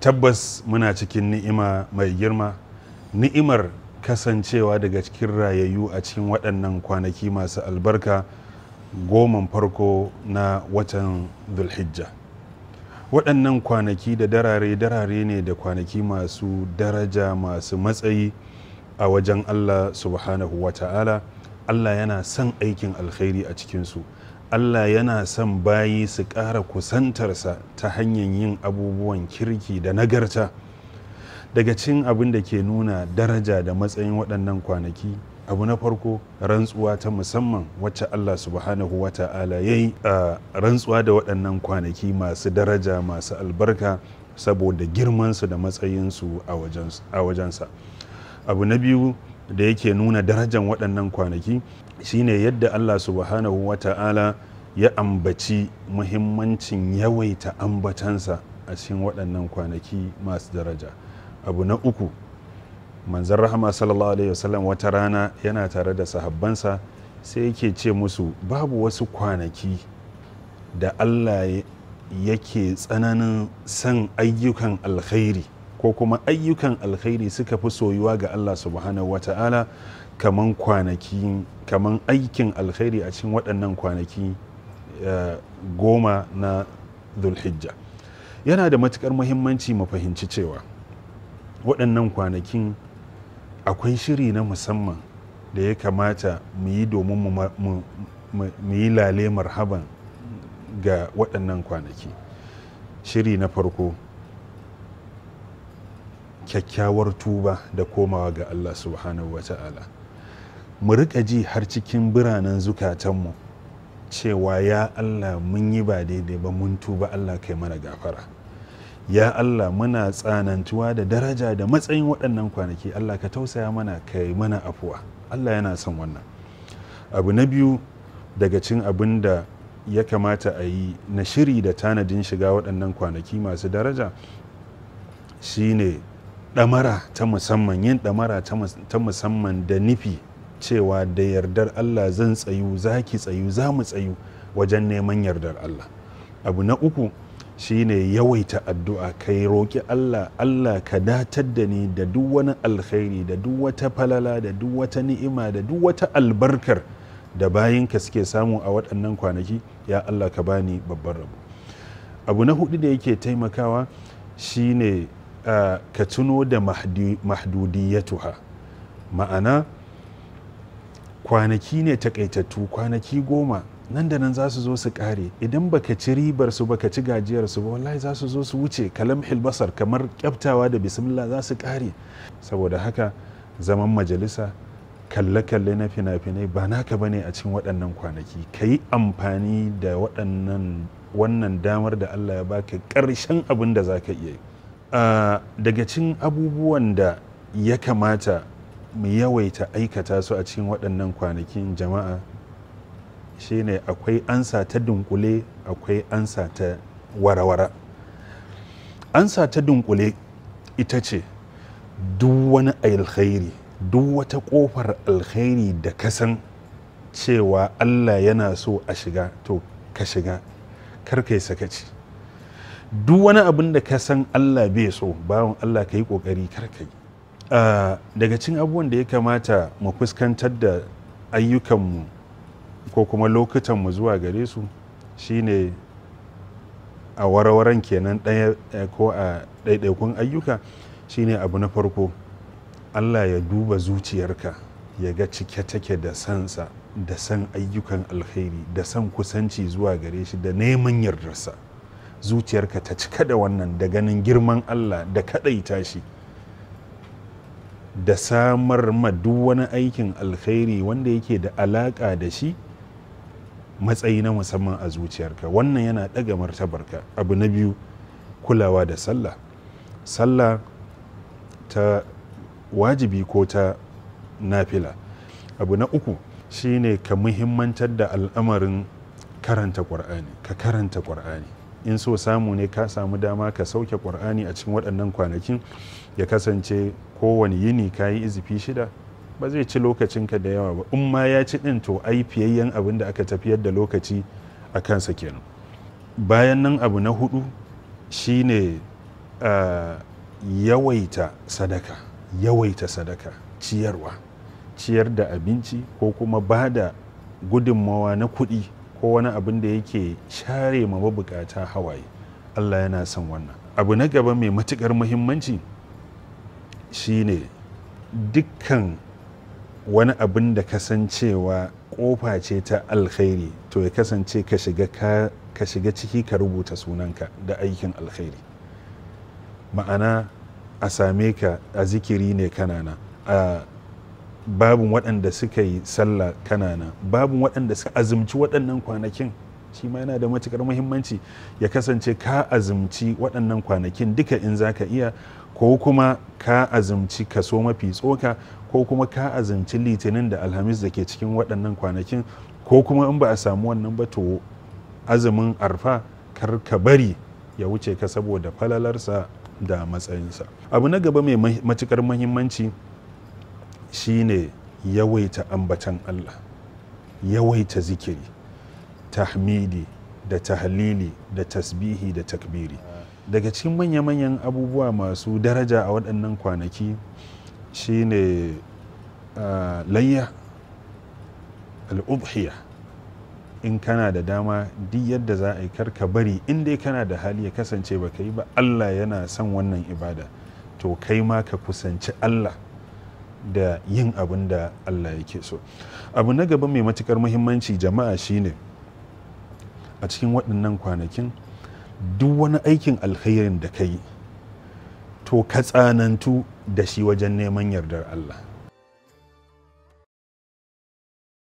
tabbas muna cikin ni'ima mai girma ni'imar kasancewa daga cikin rayayyu a cikin waɗannan kwanaki masu albarka goman farko na watan zulhijja waɗannan kwanaki da darare-darare ne da kwanaki masu daraja masu matsayi a wajen allah subhanahu wa ta'ala allah yana son aikin alkhairi a cikinsu Allah yana son bayi su ƙara kusantarsa ta hanyar yin abubuwan kirki da nagarta daga cin abin da ke nuna daraja da matsayin waɗannan kwanaki abu na farko rantsuwa ta musamman wacce Allah subhanahu wa ta'ala ya yi a rantsuwa da waɗannan kwanaki masu daraja masu albarka saboda girmansu da matsayinsu a wajensa abu na biyu da yake nuna darajan waɗannan kwanaki shine yadda Allah subhanahu wa ta'ala ya ambaci muhimmancin yawaita ambatansa a cikin waɗannan kwanaki masu daraja abu na uku manzan rahama sallallahu alaihi wasallam wata rana yana tare da sahabbansa sai yake ce musu babu wasu kwanaki da allah yake tsananin san ayyukan alkhairi ko kuma ayyukan alkhairi suka fi soyuwa ga allah subhanahu wata'ala kaman kaman aikin alkhairi a cikin waɗannan kwanaki goma na zulhijja yana da matukar muhimmanci mu fahimci cewa waɗannan kwanakin akwai shiri na musamman da ya kamata mu yi domin mu yi lale marhaban ga waɗannan kwanaki shiri na farko kyakkyawar tuba da komawa ga allah subhanahu wa ta'ala mu riƙa ji har cikin biranen zukatanmu cewa ya Allah mun yi ba daidai ba mun tuba Allah kai mana gafara ya Allah muna tsanantuwa da daraja da matsayin waɗannan kwanaki Allah ka tausaya mana kai mana afuwa Allah yana son wannan abu na biyu daga cin abin da ya kamata a yi na shiri da tanadin shiga waɗannan kwanaki masu daraja shine ɗamara ta musamman yin ɗamara ta musamman da nufi cewa da yardar Allah zan tsayu za ki tsayu za mu tsayu wajen neman yardar Allah abu na uku shine yawaita addu'a kai roƙi Allah Allah ka datar da ni da duk wani alkhairi da duk wata falala da duk wata ni'ima da duk wata albarkar da bayinka suke samu a waɗannan kwanaki ya Allah ka bani babban rabo abu na hudu da yake taimakawa shine ne ah, ka tuno da mahdudiyatuha ma'ana kwanaki ne takaitattu kwanaki goma nan da nan za su zo su kare idan baka ci ribar su ka ci gajiyar su ba wallahi za su zo su wuce kalam hilbasar kamar kyaftawa da bismillah za su kare saboda haka zaman majalisa kalle-kalle na fina-finai ba naka bane a cikin waɗannan kwanaki ka yi amfani da waɗannan wannan damar da allah ya baka ƙarshen abin da za ka iya yi ah, daga cin abubuwan da ya kamata mu yawaita aikata su a cikin waɗannan kwanakin jama'a shine akwai ansa ta dunkule akwai ansa ta warawara ansa ta dunkule ita ce duk wani alkhairi duk wata ƙofar alkhairi da kasan cewa allah yana so a shiga to ka shiga karka yi sakaci duk wani abin da ka san allah bai so bawan allah ka yi ƙoƙari karka yi Uh, daga cin abubuwan da ya kamata mu fuskantar da ayyukanmu ko kuma lokutanmu zuwa gare su shine a warwaran kenan ɗaya eh, ko a ɗaiɗaikun ayyuka shine abu na farko allah ya duba zuciyarka ya ga cike take da sansa da san ayyukan alkhairi da san kusanci zuwa gare shi da neman yardarsa zuciyarka ta cika da wannan da ganin girman allah da kaɗaita shi da samar ma duk wani aikin alkhairi wanda yake da alaƙa da shi matsayi na musamman a zuciyarka wannan yana ɗaga martabarka abu na biyu kulawa da sallah sallah ta wajibi ko ta nafila abu na uku shine ka muhimmantar da al'amarin karanta ƙwar'ani ka karanta ƙwar'ani in so samu ne ka samu dama ka sauke ƙur'ani a cikin waɗannan kwanakin ya kasance kowane yini ka yi izifi shida ba zai ci lokacinka da yawa ba in ma ya ci ɗin to ai fiyayyen abin da aka tafiyar da lokaci a kansa kenan bayan nan abu na hudu shine yawaita sadaka yawaita sadaka ciyarwa ciyar da abinci ko kuma ba da gudunmawa na kuɗi ko wani abin da yake share ma mabukata hawaye allah yana son wannan abu na gaba mai matukar muhimmanci shine dukkan wani abin da kasancewa kofa ce ta alkhairi to ya kasance ka shiga ciki ka rubuta sunanka da aikin alkhairi ma'ana a same ka a zikiri ne kanana a babin waɗanda suka yi sallah kanana babin waɗanda suka azumci waɗannan kwanakin shi ma yana da matukar muhimmanci ya kasance ka azumci waɗannan kwanakin duka in za ka iya ko kuma ka azumci kaso mafi tsoka ko kuma ka azumci litinin da alhamis da ke cikin waɗannan kwanakin ko kuma in ba a samu wannan ba to azumin arfa kar ka bari ya wuce ka saboda falalarsa da matsayinsa abu na gaba mai matukar muhimmanci shine yawaita ambatan Allah yawaita zikiri tahmidi da tahlili da tasbihi da takbiri daga cikin manya-manyan abubuwa masu daraja a waɗannan kwanaki shine ne layya al'ubhiya in kana da dama duk yadda za a yi karka bari in dai kana da hali ya kasance ba ka yi ba allah yana son wannan ibada to kai ma ka kusanci allah da yin abin da Allah yake so abu na gaba mai matukar muhimmanci jama'a shine a cikin waɗannan kwanakin duk wani aikin alkhairin da ka yi to ka tsanantu da shi wajen neman yardar Allah